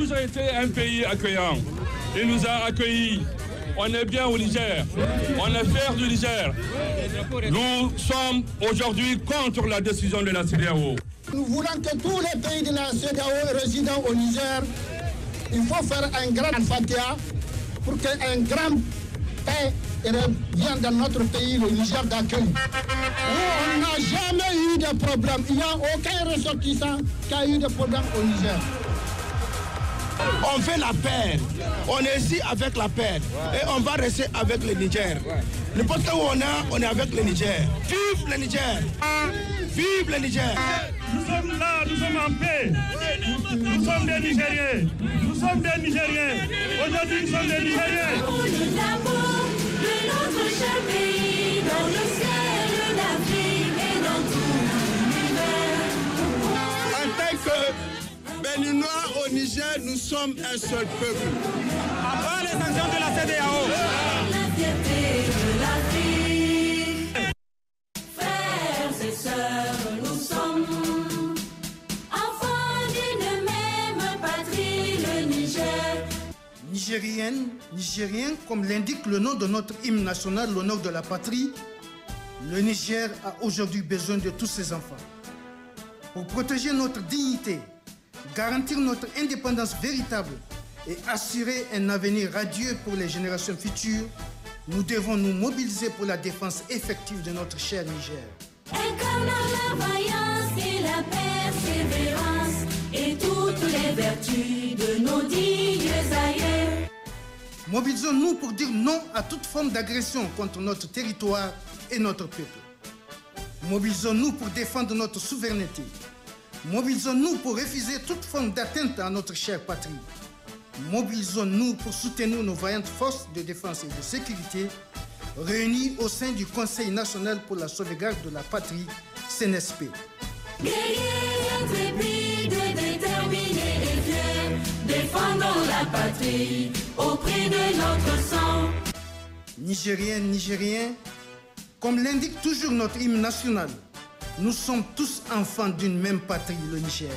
toujours été un pays accueillant. Il nous a accueillis. On est bien au Niger. On est fier du Niger. Nous sommes aujourd'hui contre la décision de la CDAO. Nous voulons que tous les pays de la CDAO résident au Niger, il faut faire un grand fatia pour qu'un grand paix revienne dans notre pays, le Niger d'accueil. on n'a jamais eu de problème. Il n'y a aucun ressortissant qui a eu de problème au Niger. On fait la paix. On est ici avec la paix. Et on va rester avec le Niger. N'importe où on est, on est avec le Niger. Vive le Niger Vive le Niger Nous sommes là, nous sommes en paix. Nous sommes des Nigériens. Nous sommes des Nigériens. Aujourd'hui, nous sommes des Nigériens. un seul peuple. Après les de la CDAO. La Frères et sœurs, nous sommes enfants d'une même patrie, le Niger. Nigérienne, Nigérien, comme l'indique le nom de notre hymne national, l'honneur de la patrie, le Niger a aujourd'hui besoin de tous ses enfants. Pour protéger notre dignité, garantir notre indépendance véritable et assurer un avenir radieux pour les générations futures, nous devons nous mobiliser pour la défense effective de notre cher Niger. Mobilisons-nous pour dire non à toute forme d'agression contre notre territoire et notre peuple. Mobilisons-nous pour défendre notre souveraineté, Mobilisons-nous pour refuser toute forme d'atteinte à notre chère patrie. Mobilisons-nous pour soutenir nos vaillantes forces de défense et de sécurité réunies au sein du Conseil national pour la sauvegarde de la patrie, CNSP. défendons la patrie au de notre sang. Nigériens, Nigériens, comme l'indique toujours notre hymne national, nous sommes tous enfants d'une même patrie, le Niger.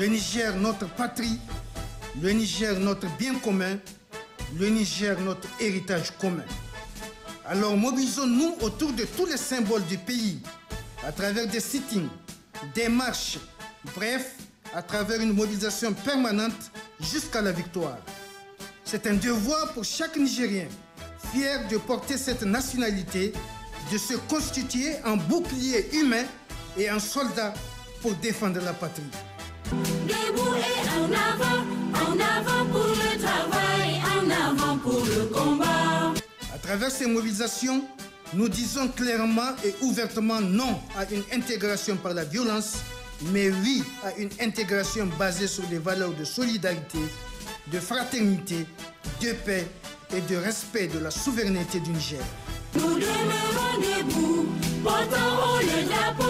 Le Niger, notre patrie. Le Niger, notre bien commun. Le Niger, notre héritage commun. Alors mobilisons-nous autour de tous les symboles du pays, à travers des sittings, des marches, bref, à travers une mobilisation permanente jusqu'à la victoire. C'est un devoir pour chaque Nigérien, fier de porter cette nationalité de se constituer en bouclier humain et en soldat pour défendre la patrie. Debout le pour le combat. À travers ces mobilisations, nous disons clairement et ouvertement non à une intégration par la violence, mais oui à une intégration basée sur des valeurs de solidarité, de fraternité, de paix et de respect de la souveraineté du Niger. Nous de me rendez-vous, portant haut le drapeau.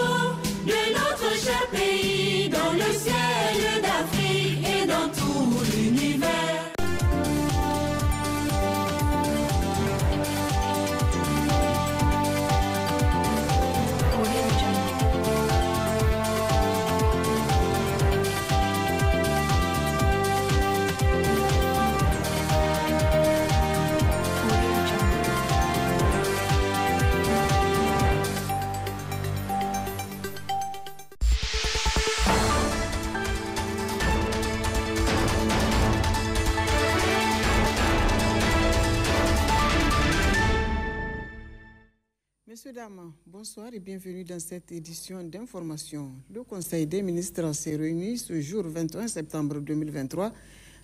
bonsoir et bienvenue dans cette édition d'information. Le Conseil des ministres s'est réuni ce jour 21 septembre 2023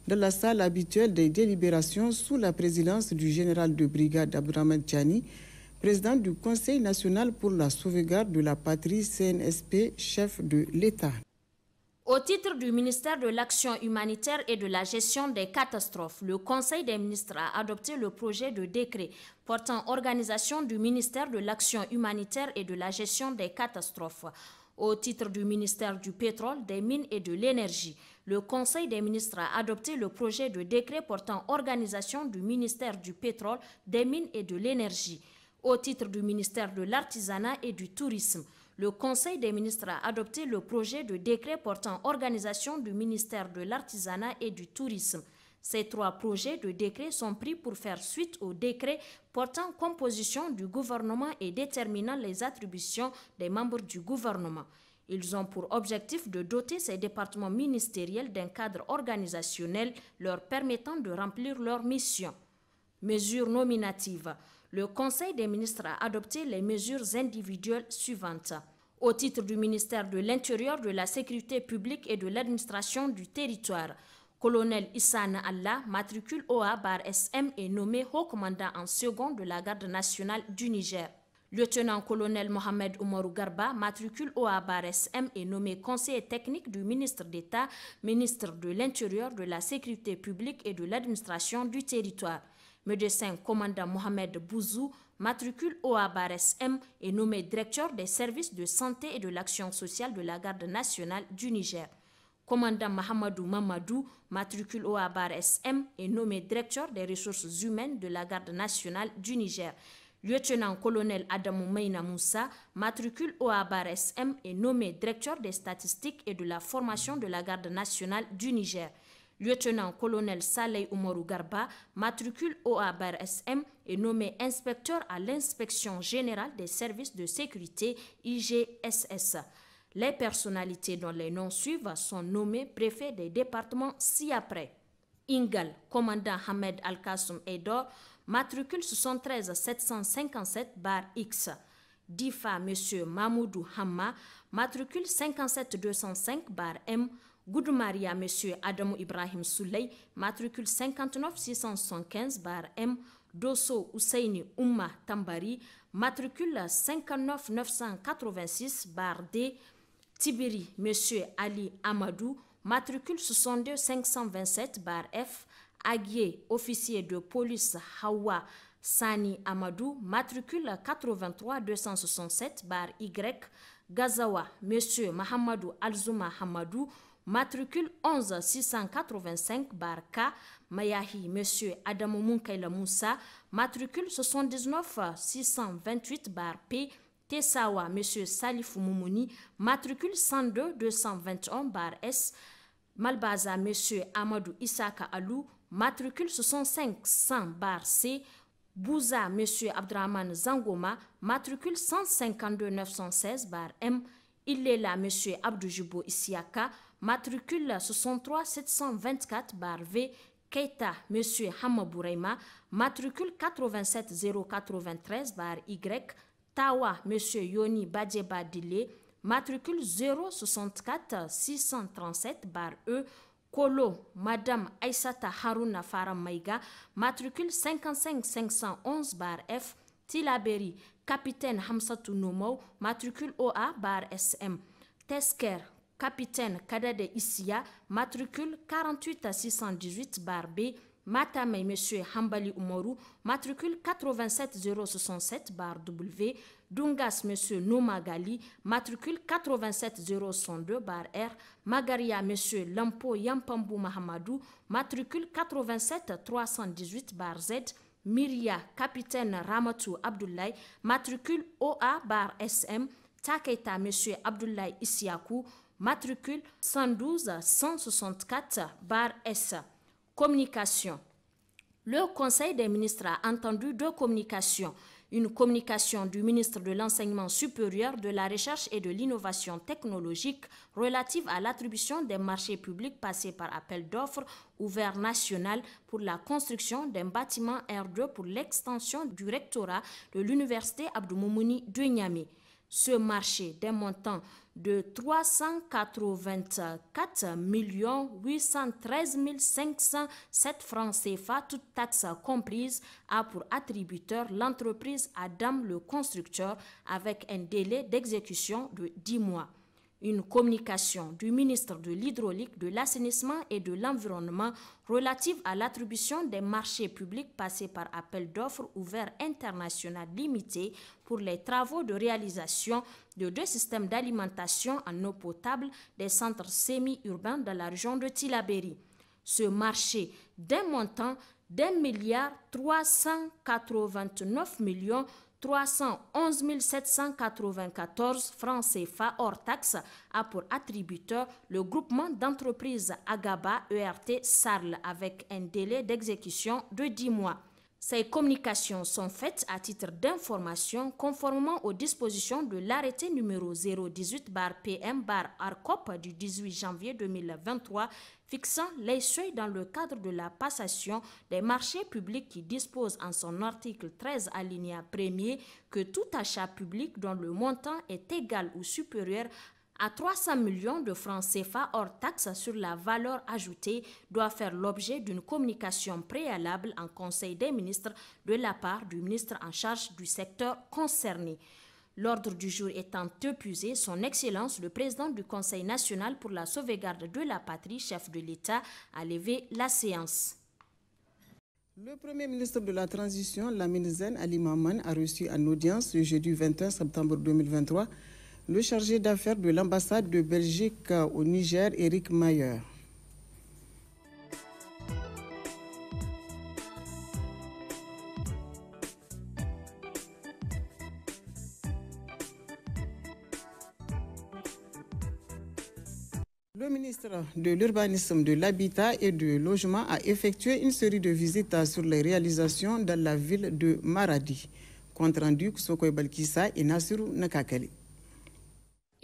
dans la salle habituelle des délibérations sous la présidence du général de brigade Abdraman Tchani, président du Conseil national pour la sauvegarde de la patrie CNSP, chef de l'État. Au titre du ministère de l'Action humanitaire et de la gestion des catastrophes, le Conseil des ministres a adopté le projet de décret portant organisation du ministère de l'Action humanitaire et de la gestion des catastrophes. Au titre du ministère du Pétrole, des Mines et de l'Énergie, le Conseil des ministres a adopté le projet de décret portant organisation du ministère du Pétrole, des Mines et de l'Énergie. Au titre du ministère de l'Artisanat et du Tourisme, le Conseil des ministres a adopté le projet de décret portant organisation du ministère de l'Artisanat et du Tourisme. Ces trois projets de décret sont pris pour faire suite au décret portant composition du gouvernement et déterminant les attributions des membres du gouvernement. Ils ont pour objectif de doter ces départements ministériels d'un cadre organisationnel leur permettant de remplir leur mission. Mesures nominatives le Conseil des ministres a adopté les mesures individuelles suivantes. Au titre du ministère de l'Intérieur, de la Sécurité publique et de l'administration du territoire, colonel Issan Allah, matricule OA bar SM, est nommé haut commandant en second de la garde nationale du Niger. Lieutenant-colonel Mohamed Oumarou Garba, matricule bar sm est nommé conseiller technique du ministre d'État, ministre de l'Intérieur, de la Sécurité publique et de l'administration du territoire. Médecin commandant Mohamed Bouzou, matricule OABAR-SM est nommé directeur des services de santé et de l'action sociale de la garde nationale du Niger. Commandant Mahamadou Mamadou, matricule OABARES-M, est nommé directeur des ressources humaines de la garde nationale du Niger. Lieutenant-colonel Adamou Meina Moussa, matricule OABAR-SM est nommé directeur des statistiques et de la formation de la garde nationale du Niger. Lieutenant-colonel Saleh Oumarou Garba, matricule OABAR-SM est nommé inspecteur à l'inspection générale des services de sécurité IGSS. Les personnalités dont les noms suivent sont nommés préfets des départements ci-après. Ingal, commandant Hamed Al-Kassoum Edo, matricule 73 757 bar X. Difa, M. Mahmoudou Hamma, matricule 57 205 bar M, Goudou Maria, Monsieur Ibrahim Souley, matricule 59675 bar M, Dosso Ousseini Umma Tambari, matricule 59-986, bar D, Tibiri, M. Ali Amadou, matricule 62 527 bar F, Aguier, officier de police Hawa Sani Amadou, matricule 83 267 bar Y, Gazawa, M. Mahamadou Alzuma Hamadou, matricule 11 685 k Mayahi Monsieur Adamo Munkaila Moussa, matricule 79 628 Bar P Tessawa Monsieur Salif Moumouni, matricule 102 221 Bar S Malbaza Monsieur Amadou Isaka Alou, matricule 6500 Bar C Bouza Monsieur Abdraman Zangoma, matricule 152 916 Bar M Ilela, M. Abdoujibo Isiaka, matricule 63 724 bar V Keita Monsieur Hamabouraima, matricule 87 bar Y Tawa Monsieur Yoni Badjeba Dile, matricule 064 637 bar E Kolo, Madame Aïsata Haruna Faramaïga, matricule 55 511 bar F, Tilaberi, Capitaine Hamsatou matricule OA bar SM. Tesker, capitaine Kadade ISIA, matricule 48 à 618 B, Matame M. Hambali Umoru, matricule 87067 bar W, Dungas M. Nomagali, matricule 87062 bar R, Magaria M. Lampo Yampambu Mahamadou, matricule 87318 bar Z, Miria, capitaine Ramatou Abdoulaye, matricule OA bar SM, Taketa M. Abdoulaye Isiakou, matricule 112-164-S. Communication. Le Conseil des ministres a entendu deux communications. Une communication du ministre de l'Enseignement supérieur, de la Recherche et de l'Innovation technologique relative à l'attribution des marchés publics passés par appel d'offres ouvert national pour la construction d'un bâtiment R2 pour l'extension du rectorat de l'Université Abdou Moumouni de Niamey ce marché d'un montant de 384 813 507 francs CFA, toutes taxes comprises, a pour attributeur l'entreprise Adam le constructeur avec un délai d'exécution de 10 mois. Une communication du ministre de l'Hydraulique, de l'Assainissement et de l'Environnement relative à l'attribution des marchés publics passés par appel d'offres ouvert international limité pour les travaux de réalisation de deux systèmes d'alimentation en eau potable des centres semi-urbains dans la région de Tilaberi. Ce marché d'un montant d'un milliard 389 millions 311 794 francs CFA hors taxe a pour attributeur le groupement d'entreprises Agaba ERT Sarl avec un délai d'exécution de 10 mois. Ces communications sont faites à titre d'information conformément aux dispositions de l'arrêté numéro 018-PM-ARCOP du 18 janvier 2023 fixant les seuils dans le cadre de la passation des marchés publics qui dispose en son article 13 alinéa 1 que tout achat public dont le montant est égal ou supérieur à 300 millions de francs CFA hors taxes sur la valeur ajoutée doit faire l'objet d'une communication préalable en Conseil des ministres de la part du ministre en charge du secteur concerné. L'ordre du jour étant épuisé, Son Excellence, le président du Conseil national pour la sauvegarde de la patrie, chef de l'État, a levé la séance. Le Premier ministre de la Transition, Lamine Zen Ali Maman, a reçu en audience le jeudi 21 septembre 2023 le chargé d'affaires de l'ambassade de Belgique au Niger, Eric Mayer. Le ministre de l'Urbanisme, de l'Habitat et du Logement a effectué une série de visites sur les réalisations dans la ville de Maradi. Compte rendu, Sokoy Balkissa et Nasiru Nakakali.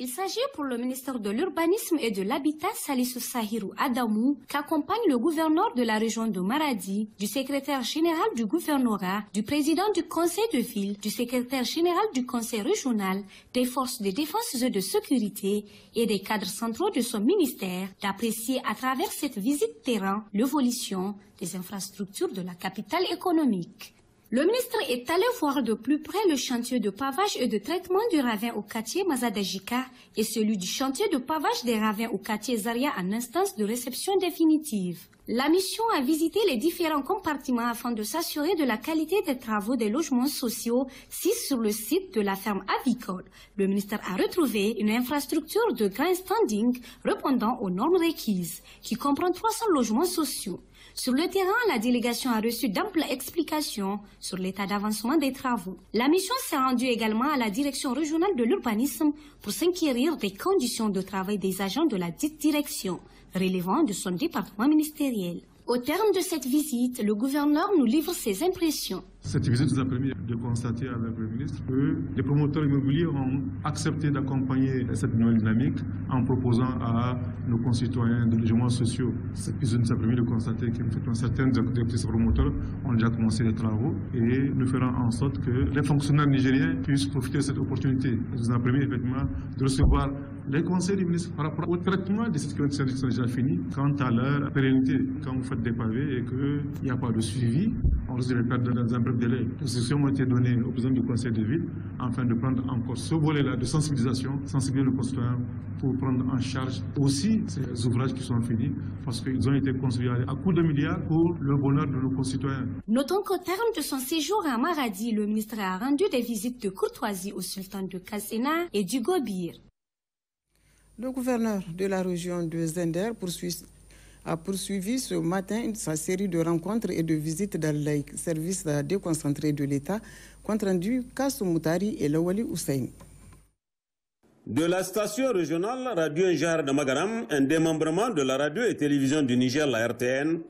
Il s'agit pour le ministère de l'Urbanisme et de l'Habitat Salissou Sahiru Adamou qu'accompagne le gouverneur de la région de Maradi, du secrétaire général du gouvernorat, du président du conseil de ville, du secrétaire général du conseil régional, des forces de défense et de sécurité et des cadres centraux de son ministère d'apprécier à travers cette visite terrain l'évolution des infrastructures de la capitale économique. Le ministre est allé voir de plus près le chantier de pavage et de traitement du ravin au quartier Mazadajika et celui du chantier de pavage des ravins au quartier Zaria en instance de réception définitive. La mission a visité les différents compartiments afin de s'assurer de la qualité des travaux des logements sociaux situés sur le site de la ferme avicole. Le ministère a retrouvé une infrastructure de grand standing répondant aux normes requises qui comprend 300 logements sociaux. Sur le terrain, la délégation a reçu d'amples explications sur l'état d'avancement des travaux. La mission s'est rendue également à la direction régionale de l'urbanisme pour s'inquérir des conditions de travail des agents de la dite direction, relevant de son département ministériel. Au terme de cette visite, le gouverneur nous livre ses impressions. Cette visite nous a permis de constater la le ministre que les promoteurs immobiliers ont accepté d'accompagner cette nouvelle dynamique en proposant à nos concitoyens des logements sociaux. Cette visite nous a permis de constater que certains directrices promoteurs ont déjà commencé les travaux et nous ferons en sorte que les fonctionnaires nigériens puissent profiter de cette opportunité. Ça nous a permis effectivement de recevoir les conseils du ministre par rapport au traitement de cette question sont déjà finis. Quant à leur pérennité, quand vous faites des pavés et qu'il n'y a pas de suivi, on risque de les perdre dans un bref délai. Les solutions ont été données au président du conseil de ville afin de prendre encore ce volet-là de sensibilisation, sensibiliser le concitoyens pour prendre en charge aussi ces ouvrages qui sont finis parce qu'ils ont été construits à coût de milliards pour le bonheur de nos concitoyens. Notons qu'au terme de son séjour à Maradi, le ministre a rendu des visites de courtoisie au sultan de Kasséna et du Gobir. Le gouverneur de la région de Zender a poursuivi ce matin sa série de rencontres et de visites dans les services déconcentrés de l'État, compte rendu Kassou Moutari et Lawali Hussein. De la station régionale Radio Njar de Magaram, un démembrement de la radio et télévision du Niger, la RTN,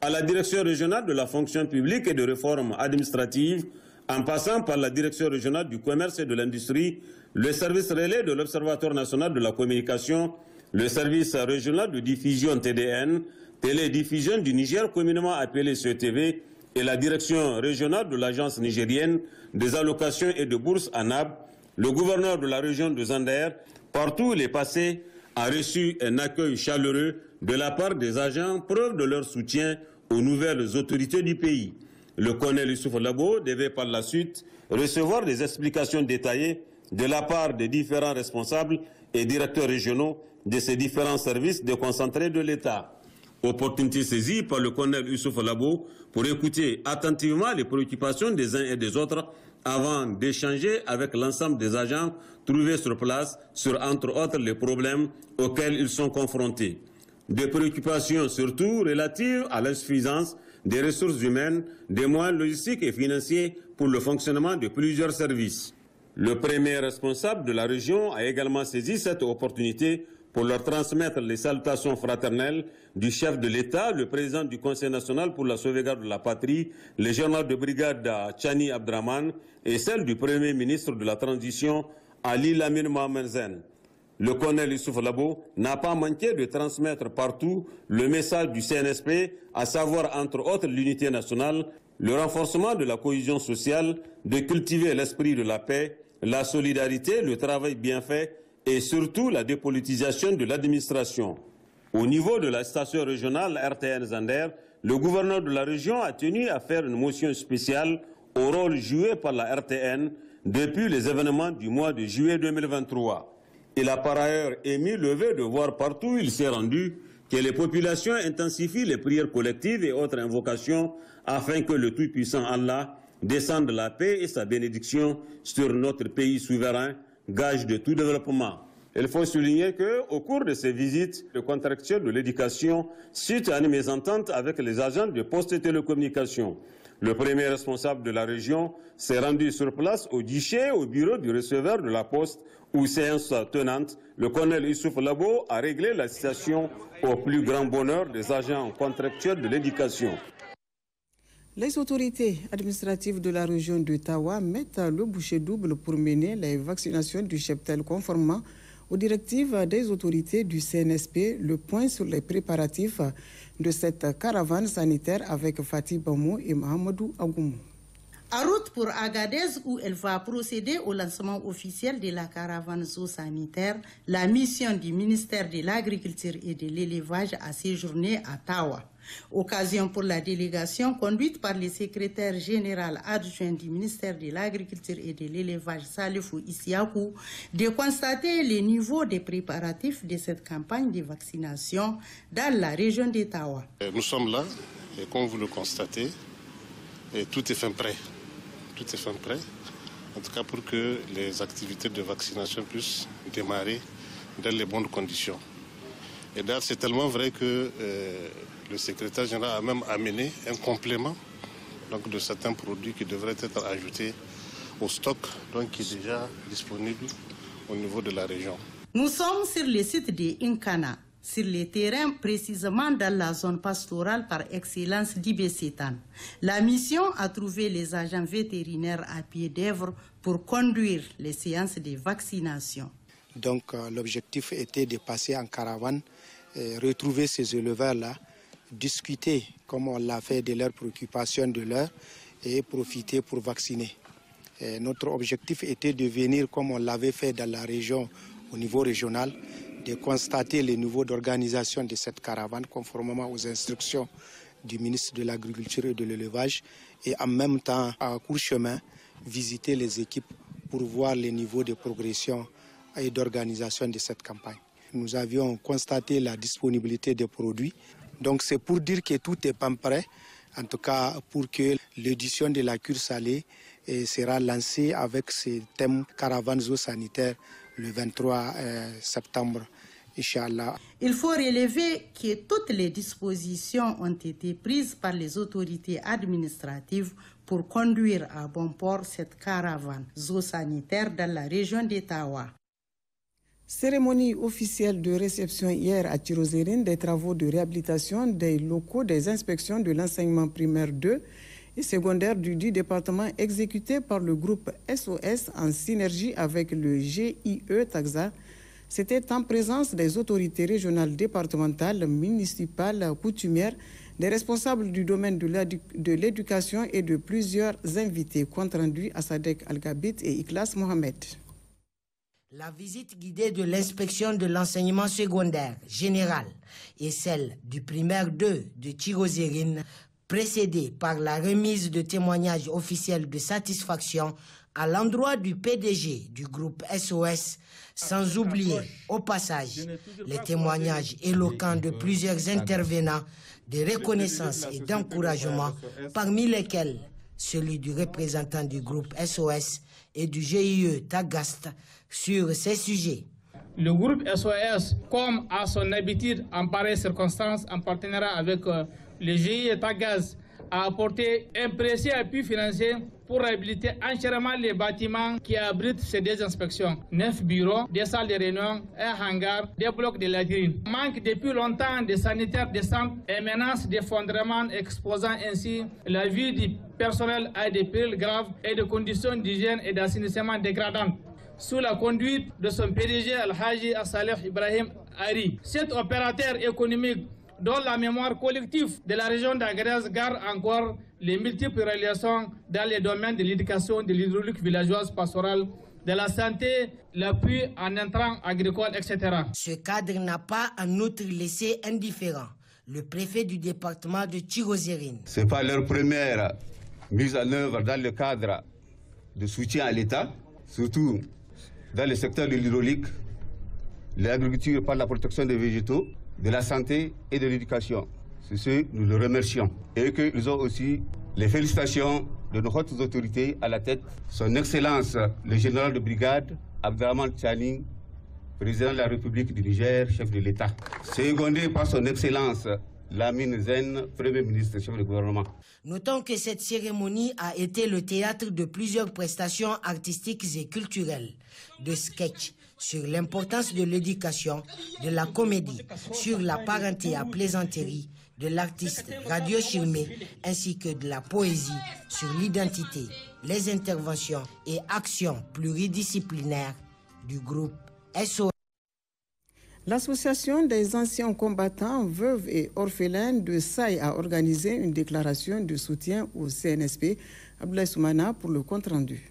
à la direction régionale de la fonction publique et de réforme administrative, en passant par la Direction régionale du commerce et de l'industrie, le service relais de l'Observatoire national de la communication, le service régional de diffusion TDN, Télédiffusion du Niger communément appelé CETV, et la Direction régionale de l'Agence nigérienne des allocations et de bourses ANAB, le gouverneur de la région de Zander, partout où il est passé, a reçu un accueil chaleureux de la part des agents, preuve de leur soutien aux nouvelles autorités du pays. Le colonel Youssouf Labo devait par la suite recevoir des explications détaillées de la part des différents responsables et directeurs régionaux de ces différents services de déconcentrés de l'État. Opportunité saisie par le colonel Youssouf Labo pour écouter attentivement les préoccupations des uns et des autres avant d'échanger avec l'ensemble des agents trouvés sur place sur, entre autres, les problèmes auxquels ils sont confrontés. Des préoccupations surtout relatives à l'insuffisance des ressources humaines, des moyens logistiques et financiers pour le fonctionnement de plusieurs services. Le premier responsable de la région a également saisi cette opportunité pour leur transmettre les salutations fraternelles du chef de l'État, le président du Conseil national pour la sauvegarde de la patrie, le général de brigade Chani Abdraman et celle du premier ministre de la transition, Ali Lamine Mohamed le colonel Youssouf Labo n'a pas manqué de transmettre partout le message du CNSP, à savoir entre autres l'unité nationale, le renforcement de la cohésion sociale, de cultiver l'esprit de la paix, la solidarité, le travail bien fait et surtout la dépolitisation de l'administration. Au niveau de la station régionale RTN Zander, le gouverneur de la région a tenu à faire une motion spéciale au rôle joué par la RTN depuis les événements du mois de juillet 2023. Il a par ailleurs émis le vœu de voir partout où il s'est rendu que les populations intensifient les prières collectives et autres invocations afin que le Tout-Puissant Allah descende la paix et sa bénédiction sur notre pays souverain, gage de tout développement. Il faut souligner que, au cours de ces visites, le contractuel de l'éducation suite à mes ententes avec les agents de poste et télécommunications. Le premier responsable de la région s'est rendu sur place au guichet, au bureau du receveur de la poste, où séance tenante, le colonel Issouf Labo a réglé la situation au plus grand bonheur des agents contractuels de l'éducation. Les autorités administratives de la région d'Ottawa mettent le boucher double pour mener les vaccinations du cheptel conformément aux directives des autorités du CNSP, le point sur les préparatifs de cette caravane sanitaire avec Fatih Bamou et Mahamadou Agoumou. À route pour Agadez où elle va procéder au lancement officiel de la caravane zoosanitaire, la mission du ministère de l'Agriculture et de l'Élevage a séjourné à Tawa. Occasion pour la délégation conduite par le secrétaire général adjoint du ministère de l'Agriculture et de l'Élevage, Salifou Issiakou, de constater le niveau des préparatifs de cette campagne de vaccination dans la région d'Etawa. Euh, nous sommes là et comme vous le constatez, et tout est fin prêt. Tout est fin prêt. En tout cas pour que les activités de vaccination puissent démarrer dans les bonnes conditions. Et d'ailleurs, c'est tellement vrai que euh, le secrétaire général a même amené un complément donc, de certains produits qui devraient être ajoutés au stock, donc qui est déjà disponible au niveau de la région. Nous sommes sur le site de Inkana, sur les terrains précisément dans la zone pastorale par excellence d'Ibécétan. La mission a trouvé les agents vétérinaires à pied d'œuvre pour conduire les séances de vaccination. Donc euh, l'objectif était de passer en caravane euh, retrouver ces éleveurs-là, discuter comme on l'a fait de leurs préoccupations, de l'heure et profiter pour vacciner. Euh, notre objectif était de venir comme on l'avait fait dans la région au niveau régional, de constater les niveaux d'organisation de cette caravane conformément aux instructions du ministre de l'Agriculture et de l'Élevage et en même temps, à court chemin, visiter les équipes pour voir les niveaux de progression et d'organisation de cette campagne nous avions constaté la disponibilité des produits. Donc c'est pour dire que tout est prêt, en tout cas pour que l'édition de la cure salée eh, sera lancée avec ce thème caravane zoosanitaire le 23 eh, septembre. Inch'Allah. Il faut relever que toutes les dispositions ont été prises par les autorités administratives pour conduire à bon port cette caravane zoosanitaire dans la région d'Etawa. Cérémonie officielle de réception hier à Tirozérine des travaux de réhabilitation des locaux des inspections de l'enseignement primaire 2 et secondaire du dit département exécuté par le groupe SOS en synergie avec le GIE Taxa. C'était en présence des autorités régionales, départementales, municipales, coutumières, des responsables du domaine de l'éducation et de plusieurs invités, compte rendu à Sadek al et Iklas Mohamed. La visite guidée de l'inspection de l'enseignement secondaire général et celle du primaire 2 de Tirozérine, précédée par la remise de témoignages officiels de satisfaction à l'endroit du PDG du groupe SOS, sans oublier au passage les témoignages éloquents de plusieurs intervenants de reconnaissance et d'encouragement, parmi lesquels celui du représentant du groupe SOS et du GIE Tagaste, sur ces sujets. Le groupe SOS, comme à son habitude en pareille circonstance, en partenariat avec euh, le GIE Tagaz, a apporté un précieux appui financier pour réhabiliter entièrement les bâtiments qui abritent ces deux inspections. Neuf bureaux, des salles de réunion, un hangar, des blocs de latrines. Manque depuis longtemps de sanitaires décents et menace d'effondrement exposant ainsi la vie du personnel à des périls graves et de conditions d'hygiène et d'assainissement dégradantes sous la conduite de son PDG Al-Haji Asalef Ibrahim Ari. Cet opérateur économique dont la mémoire collective de la région d'Agrès garde encore les multiples relations dans les domaines de l'éducation, de l'hydraulique villageoise pastorale, de la santé, l'appui en entrant agricole, etc. Ce cadre n'a pas en outre laissé indifférent le préfet du département de Tirozérine. Ce n'est pas leur première mise en œuvre dans le cadre de soutien à l'État, surtout dans le secteur de l'hydraulique, l'agriculture par la protection des végétaux, de la santé et de l'éducation. C'est ce nous le remercions. Et que nous ont aussi les félicitations de nos hautes autorités à la tête, son Excellence le général de brigade Abdraman Tchani, président de la République du Niger, chef de l'État. Secondé par son Excellence Lamine Zen, Premier ministre, chef du gouvernement. Notons que cette cérémonie a été le théâtre de plusieurs prestations artistiques et culturelles, de sketch sur l'importance de l'éducation, de la comédie, sur la parenté à plaisanterie, de l'artiste Radio ainsi que de la poésie sur l'identité, les interventions et actions pluridisciplinaires du groupe SOS. L'association des anciens combattants, veuves et orphelins de Saï a organisé une déclaration de soutien au CNSP Abdoulaye Soumana pour le compte-rendu.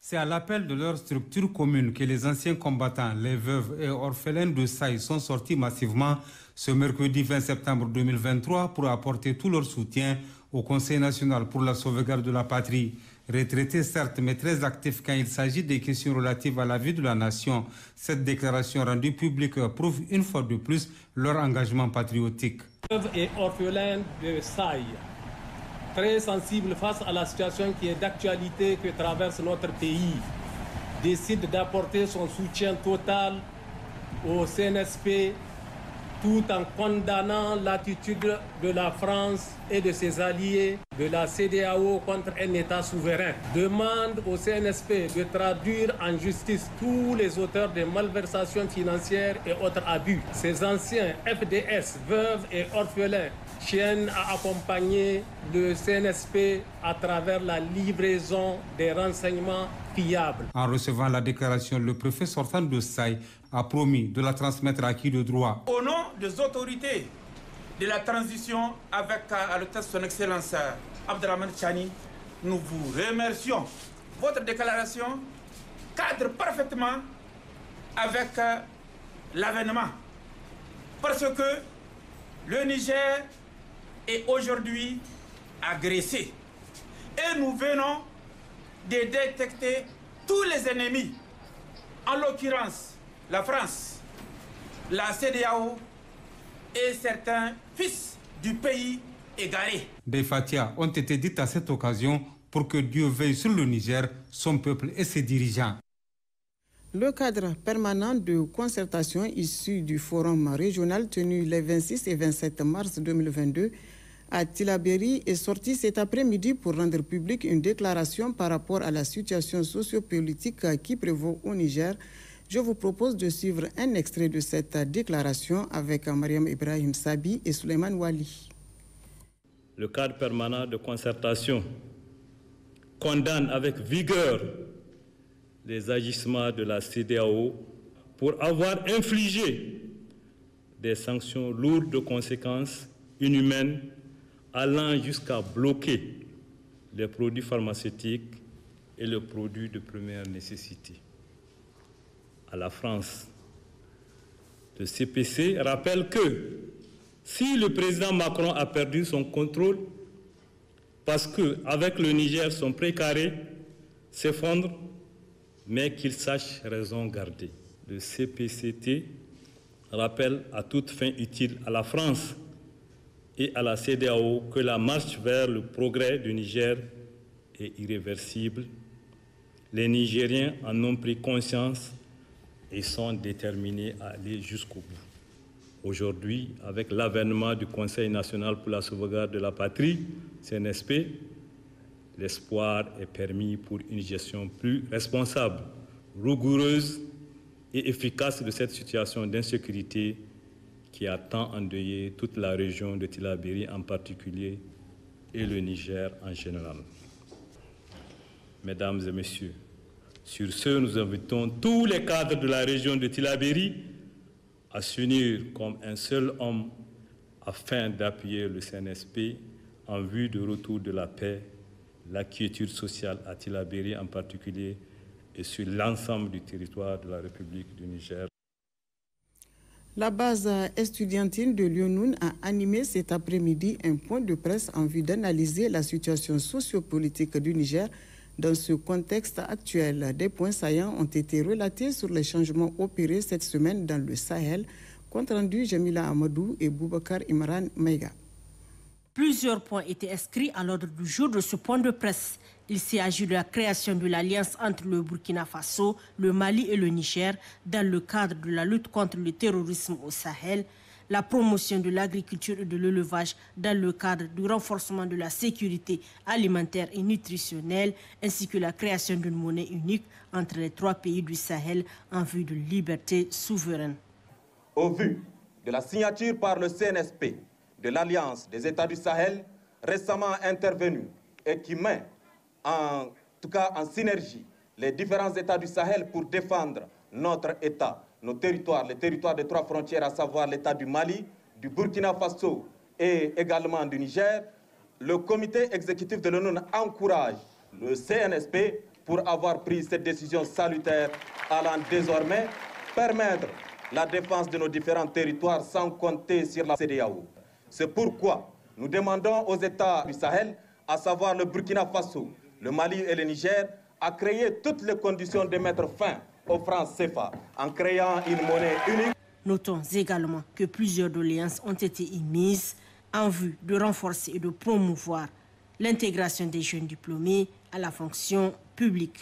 C'est à l'appel de leur structure commune que les anciens combattants, les veuves et orphelins de Saï sont sortis massivement ce mercredi 20 septembre 2023 pour apporter tout leur soutien au Conseil national pour la sauvegarde de la patrie retraité certes, mais très actifs quand il s'agit des questions relatives à la vie de la nation. Cette déclaration rendue publique prouve une fois de plus leur engagement patriotique. et orphelin de Saïe, très sensible face à la situation qui est d'actualité que traverse notre pays, décide d'apporter son soutien total au CNSP tout en condamnant l'attitude de la France et de ses alliés de la CDAO contre un État souverain. Demande au CNSP de traduire en justice tous les auteurs des malversations financières et autres abus. Ces anciens FDS, veuves et orphelins tiennent à accompagner le CNSP à travers la livraison des renseignements fiables. En recevant la déclaration, le préfet sortant de Saï a promis de la transmettre à qui de droit. Au nom des autorités de la transition avec euh, à son Excellence euh, Abdraman Chani, nous vous remercions. Votre déclaration cadre parfaitement avec euh, l'avènement parce que le Niger est aujourd'hui agressé. Et nous venons de détecter tous les ennemis, en l'occurrence la France, la CDAO et certains fils du pays égarés. Des fatias ont été dites à cette occasion pour que Dieu veille sur le Niger, son peuple et ses dirigeants. Le cadre permanent de concertation issu du forum régional tenu les 26 et 27 mars 2022 à Tilaberi est sorti cet après-midi pour rendre publique une déclaration par rapport à la situation sociopolitique qui prévaut au Niger. Je vous propose de suivre un extrait de cette déclaration avec Mariam Ibrahim Sabi et Suleiman Wali. Le cadre permanent de concertation condamne avec vigueur les agissements de la CDAO pour avoir infligé des sanctions lourdes de conséquences inhumaines allant jusqu'à bloquer les produits pharmaceutiques et les produits de première nécessité. À la France, le CPC rappelle que si le président Macron a perdu son contrôle, parce qu'avec le Niger, son précaré s'effondre, mais qu'il sache raison garder. Le CPCT rappelle à toute fin utile à la France et à la CDAO que la marche vers le progrès du Niger est irréversible. Les Nigériens en ont pris conscience et sont déterminés à aller jusqu'au bout. Aujourd'hui, avec l'avènement du Conseil national pour la sauvegarde de la patrie, CNSP, l'espoir est permis pour une gestion plus responsable, rigoureuse et efficace de cette situation d'insécurité qui a tant endeuillé toute la région de Tilabiri en particulier et le Niger en général. Mesdames et messieurs, sur ce, nous invitons tous les cadres de la région de Tilabéry à s'unir comme un seul homme afin d'appuyer le CNSP en vue du retour de la paix, la quiétude sociale à Tilabéry en particulier et sur l'ensemble du territoire de la République du Niger. La base estudiantine de Lyonoun a animé cet après-midi un point de presse en vue d'analyser la situation sociopolitique du Niger dans ce contexte actuel. Des points saillants ont été relatés sur les changements opérés cette semaine dans le Sahel. Compte rendu Jamila Amadou et Boubacar Imran Maïga. Plusieurs points étaient inscrits à l'ordre du jour de ce point de presse. Il s'agit de la création de l'alliance entre le Burkina Faso, le Mali et le Niger dans le cadre de la lutte contre le terrorisme au Sahel, la promotion de l'agriculture et de l'élevage dans le cadre du renforcement de la sécurité alimentaire et nutritionnelle, ainsi que la création d'une monnaie unique entre les trois pays du Sahel en vue de liberté souveraine. Au vu de la signature par le CNSP de l'Alliance des États du Sahel récemment intervenue et qui met en tout cas en synergie, les différents États du Sahel pour défendre notre État, nos territoires, les territoires des trois frontières, à savoir l'État du Mali, du Burkina Faso et également du Niger, le comité exécutif de l'ONU encourage le CNSP pour avoir pris cette décision salutaire allant désormais permettre la défense de nos différents territoires sans compter sur la CDAO. C'est pourquoi nous demandons aux États du Sahel, à savoir le Burkina Faso, le Mali et le Niger, a créé toutes les conditions de mettre fin aux franc CFA en créant une monnaie unique. Notons également que plusieurs doléances ont été émises en vue de renforcer et de promouvoir l'intégration des jeunes diplômés à la fonction publique.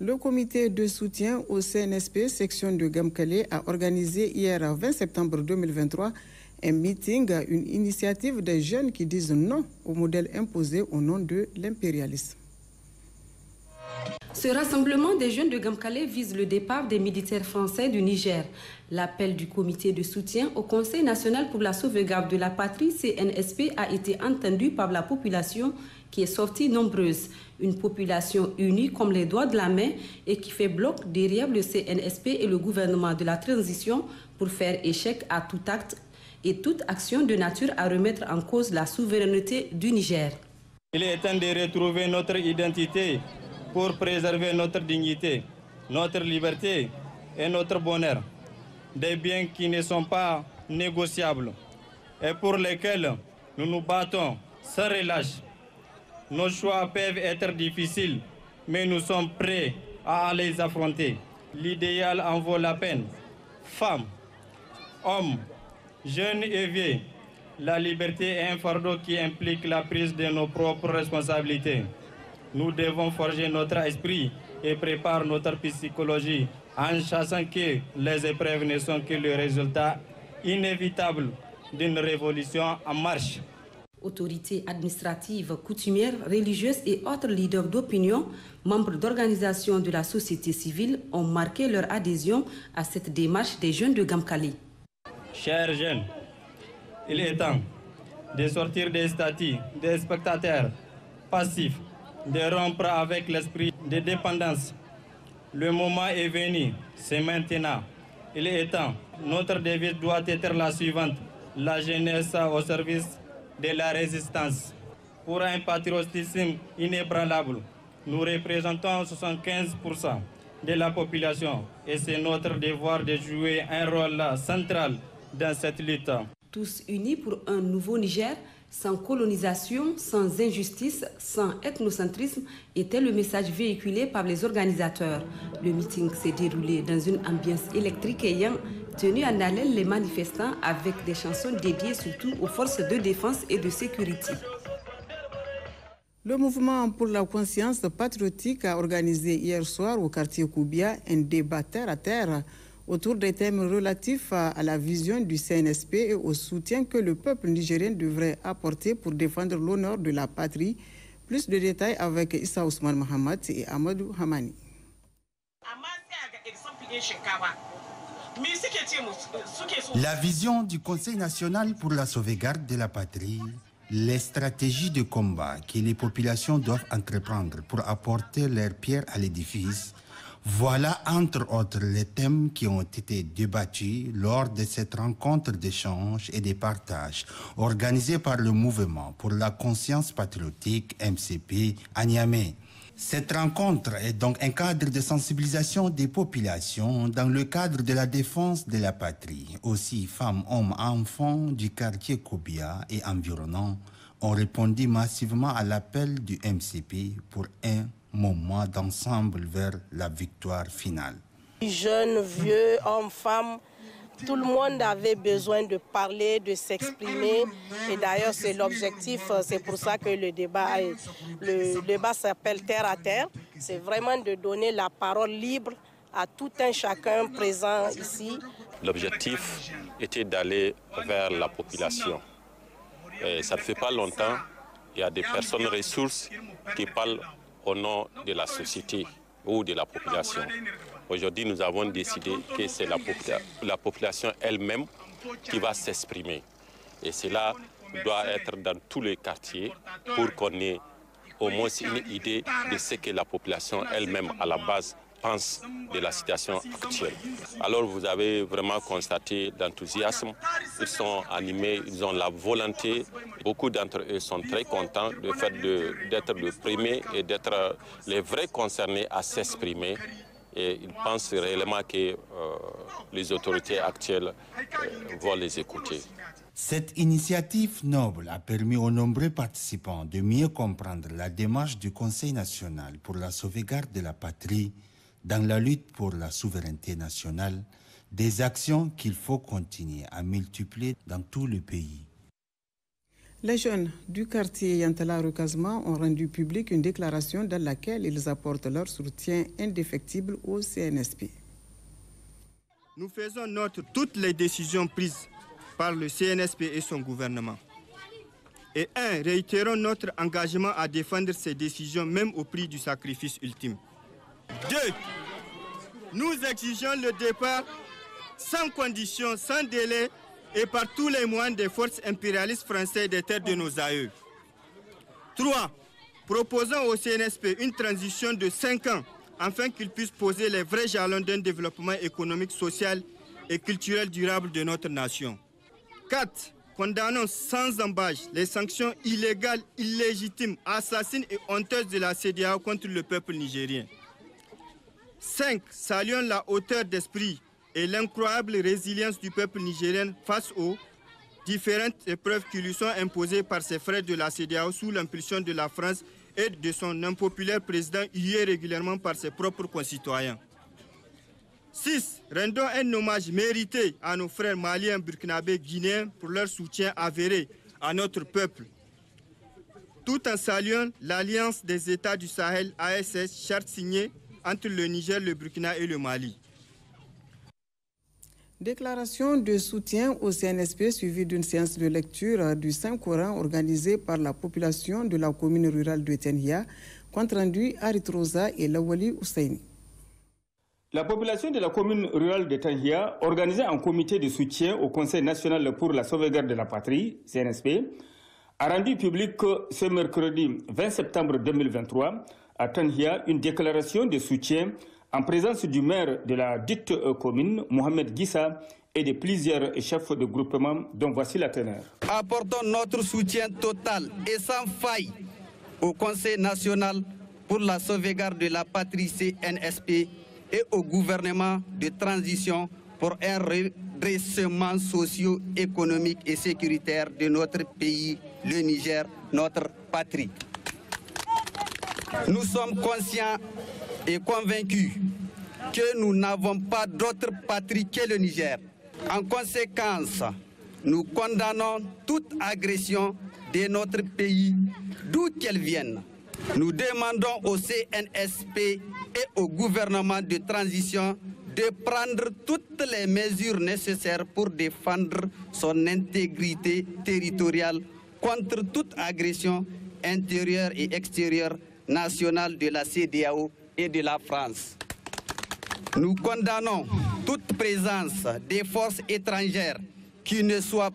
Le comité de soutien au CNSP, section de Gamkale, a organisé hier 20 septembre 2023 un meeting, une initiative des jeunes qui disent non au modèle imposé au nom de l'impérialisme. Ce rassemblement des jeunes de Gamkale vise le départ des militaires français du Niger. L'appel du comité de soutien au Conseil national pour la sauvegarde de la patrie, CNSP, a été entendu par la population qui est sortie nombreuse. Une population unie comme les doigts de la main et qui fait bloc derrière le CNSP et le gouvernement de la transition pour faire échec à tout acte et toute action de nature à remettre en cause la souveraineté du Niger. Il est temps de retrouver notre identité pour préserver notre dignité, notre liberté et notre bonheur, des biens qui ne sont pas négociables et pour lesquels nous nous battons sans relâche. Nos choix peuvent être difficiles, mais nous sommes prêts à les affronter. L'idéal en vaut la peine. Femmes, hommes, Jeunes et vieux, la liberté est un fardeau qui implique la prise de nos propres responsabilités. Nous devons forger notre esprit et préparer notre psychologie en chassant que les épreuves ne sont que le résultat inévitable d'une révolution en marche. Autorités administratives, coutumières, religieuses et autres leaders d'opinion, membres d'organisations de la société civile, ont marqué leur adhésion à cette démarche des jeunes de Gamkali. Chers jeunes, il est temps de sortir des statuts, des spectateurs passifs, de rompre avec l'esprit de dépendance. Le moment est venu, c'est maintenant. Il est temps. Notre devise doit être la suivante. La jeunesse au service de la résistance. Pour un patriotisme inébranlable, nous représentons 75% de la population et c'est notre devoir de jouer un rôle central dans cette lutte. Tous unis pour un nouveau Niger, sans colonisation, sans injustice, sans ethnocentrisme, était le message véhiculé par les organisateurs. Le meeting s'est déroulé dans une ambiance électrique ayant tenu en haleine les manifestants avec des chansons dédiées surtout aux forces de défense et de sécurité. Le mouvement pour la conscience patriotique a organisé hier soir au quartier Koubia un débat terre à terre autour des thèmes relatifs à, la vision du CNSP et au soutien que le peuple nigérien devrait apporter pour défendre l'honneur de la patrie. Plus de détails avec Issa Ousmane Mohamed et Amadou Hamani. La vision du Conseil national pour la sauvegarde de la patrie, les stratégies de combat que les populations doivent entreprendre pour apporter leur pierre à l'édifice, voilà, entre autres, les thèmes qui ont été débattus lors de cette rencontre d'échange et de partage organisée par le Mouvement pour la conscience patriotique MCP à Niamey. Cette rencontre est donc un cadre de sensibilisation des populations dans le cadre de la défense de la patrie. Aussi, femmes, hommes, enfants du quartier Kobia et environnants ont répondu massivement à l'appel du MCP pour un moment d'ensemble vers la victoire finale. Jeunes, vieux, hommes, femmes, tout le monde avait besoin de parler, de s'exprimer. Et d'ailleurs, c'est l'objectif. C'est pour ça que le débat, le débat s'appelle Terre à Terre. C'est vraiment de donner la parole libre à tout un chacun présent ici. L'objectif était d'aller vers la population. Et ça ne fait pas longtemps. Il y a des personnes ressources qui parlent au nom de la société ou de la population. Aujourd'hui, nous avons décidé que c'est la, population elle-même qui va s'exprimer. Et cela doit être dans tous les quartiers pour qu'on ait au moins une idée de ce que la population elle-même à la base pense de la situation actuelle. Alors vous avez vraiment constaté l'enthousiasme, ils sont animés, ils ont la volonté. Beaucoup d'entre eux sont très contents de fait d'être le premier et d'être euh, les vrais concernés à s'exprimer. Et ils pensent réellement que euh, les autorités actuelles euh, vont les écouter. Cette initiative noble a permis aux nombreux participants de mieux comprendre la démarche du Conseil national pour la sauvegarde de la patrie dans la lutte pour la souveraineté nationale, des actions qu'il faut continuer à multiplier dans tout le pays. Les jeunes du quartier Yantala roukazma ont rendu publique une déclaration dans laquelle ils apportent leur soutien indéfectible au CNSP. Nous faisons note toutes les décisions prises par le CNSP et son gouvernement. Et un, réitérons notre engagement à défendre ces décisions même au prix du sacrifice ultime. Deux, nous exigeons le départ sans condition, sans délai et par tous les moyens des forces impérialistes françaises des terres de nos aïeux. Trois, proposons au CNSP une transition de 5 ans afin qu'il puisse poser les vrais jalons d'un développement économique, social et culturel durable de notre nation. 4. Condamnons sans embâche les sanctions illégales, illégitimes, assassines et honteuses de la CDAO contre le peuple nigérien. 5. Saluons la hauteur d'esprit et l'incroyable résilience du peuple nigérien face aux différentes épreuves qui lui sont imposées par ses frères de la CDAO sous l'impulsion de la France et de son impopulaire président hué régulièrement par ses propres concitoyens. 6. Rendons un hommage mérité à nos frères maliens, burkinabés, guinéens pour leur soutien avéré à notre peuple. Tout en saluant l'Alliance des États du Sahel, ASS, charte signée entre le Niger, le Burkina et le Mali. Déclaration de soutien au CNSP suivie d'une séance de lecture du Saint-Coran organisée par la population de la commune rurale de Tenia, compte rendu à Ritrosa et Lawali Ousseini. La population de la commune rurale de organisée organisée en comité de soutien au Conseil national pour la sauvegarde de la patrie, CNSP, a rendu public ce mercredi 20 septembre 2023 à Tanhia une déclaration de soutien en présence du maire de la dite euh, commune, Mohamed Gissa, et de plusieurs chefs de groupement, dont voici la teneur. Apportons notre soutien total et sans faille au Conseil national pour la sauvegarde de la patrie CNSP et au gouvernement de transition pour un redressement socio-économique et sécuritaire de notre pays, le Niger, notre patrie. Nous sommes conscients et convaincus que nous n'avons pas d'autre patrie que le Niger. En conséquence, nous condamnons toute agression de notre pays, d'où qu'elle vienne. Nous demandons au CNSP et au gouvernement de transition de prendre toutes les mesures nécessaires pour défendre son intégrité territoriale contre toute agression intérieure et extérieure nationale de la CDAO et de la France. Nous condamnons toute présence des forces étrangères qui ne soient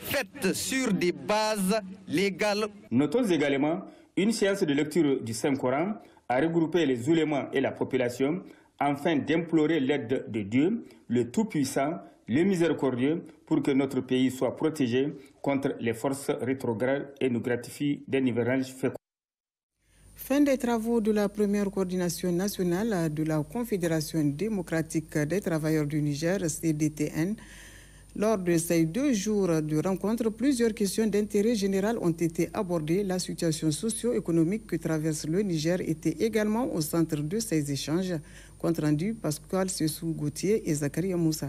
faites sur des bases légales. Notons également une séance de lecture du Saint-Coran à regrouper les oulémas et la population afin d'implorer l'aide de Dieu, le Tout-Puissant, le miséricordieux, pour que notre pays soit protégé contre les forces rétrogrades et nous gratifie d'un hivernage fécond. Fin des travaux de la première coordination nationale de la Confédération démocratique des travailleurs du Niger, CDTN. Lors de ces deux jours de rencontre, plusieurs questions d'intérêt général ont été abordées. La situation socio-économique que traverse le Niger était également au centre de ces échanges. Compte rendu Pascal Sessou Gauthier et Zakaria Moussa.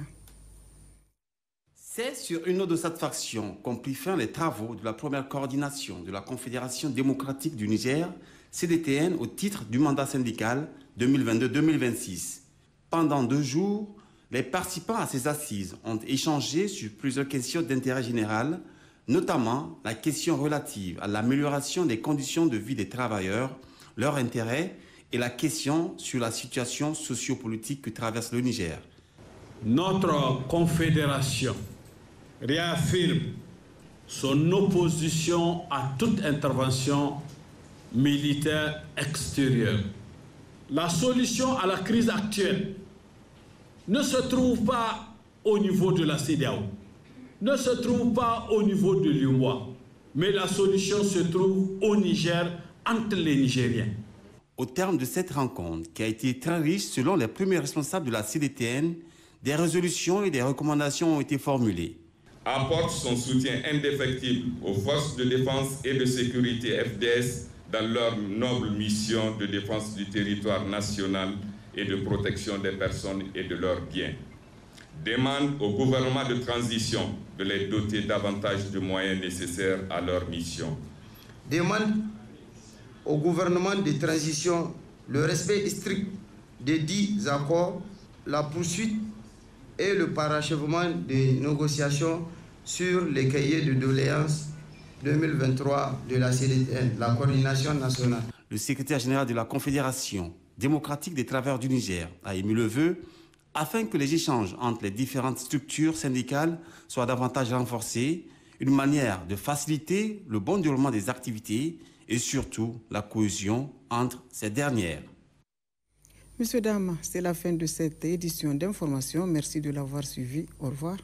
C'est sur une note de satisfaction qu'ont pris fin les travaux de la première coordination de la Confédération démocratique du Niger, CDTN au titre du mandat syndical 2022-2026. Pendant deux jours, les participants à ces assises ont échangé sur plusieurs questions d'intérêt général, notamment la question relative à l'amélioration des conditions de vie des travailleurs, leur intérêt et la question sur la situation sociopolitique que traverse le Niger. Notre confédération réaffirme son opposition à toute intervention militaire extérieur. La solution à la crise actuelle ne se trouve pas au niveau de la CDAO, ne se trouve pas au niveau de l'UMOA, mais la solution se trouve au Niger, entre les Nigériens. Au terme de cette rencontre, qui a été très riche selon les premiers responsables de la CDTN, des résolutions et des recommandations ont été formulées. Apporte son soutien indéfectible aux forces de défense et de sécurité FDS dans leur noble mission de défense du territoire national et de protection des personnes et de leurs biens. Demande au gouvernement de transition de les doter davantage de moyens nécessaires à leur mission. Demande au gouvernement de transition le respect strict des dix accords, la poursuite et le parachèvement des négociations sur les cahiers de doléances 2023 de la CDN, la coordination nationale. Le secrétaire général de la Confédération démocratique des travailleurs du Niger a émis le vœu afin que les échanges entre les différentes structures syndicales soient davantage renforcés, une manière de faciliter le bon déroulement des activités et surtout la cohésion entre ces dernières. Monsieur, dames, c'est la fin de cette édition d'information. Merci de l'avoir suivi. Au revoir.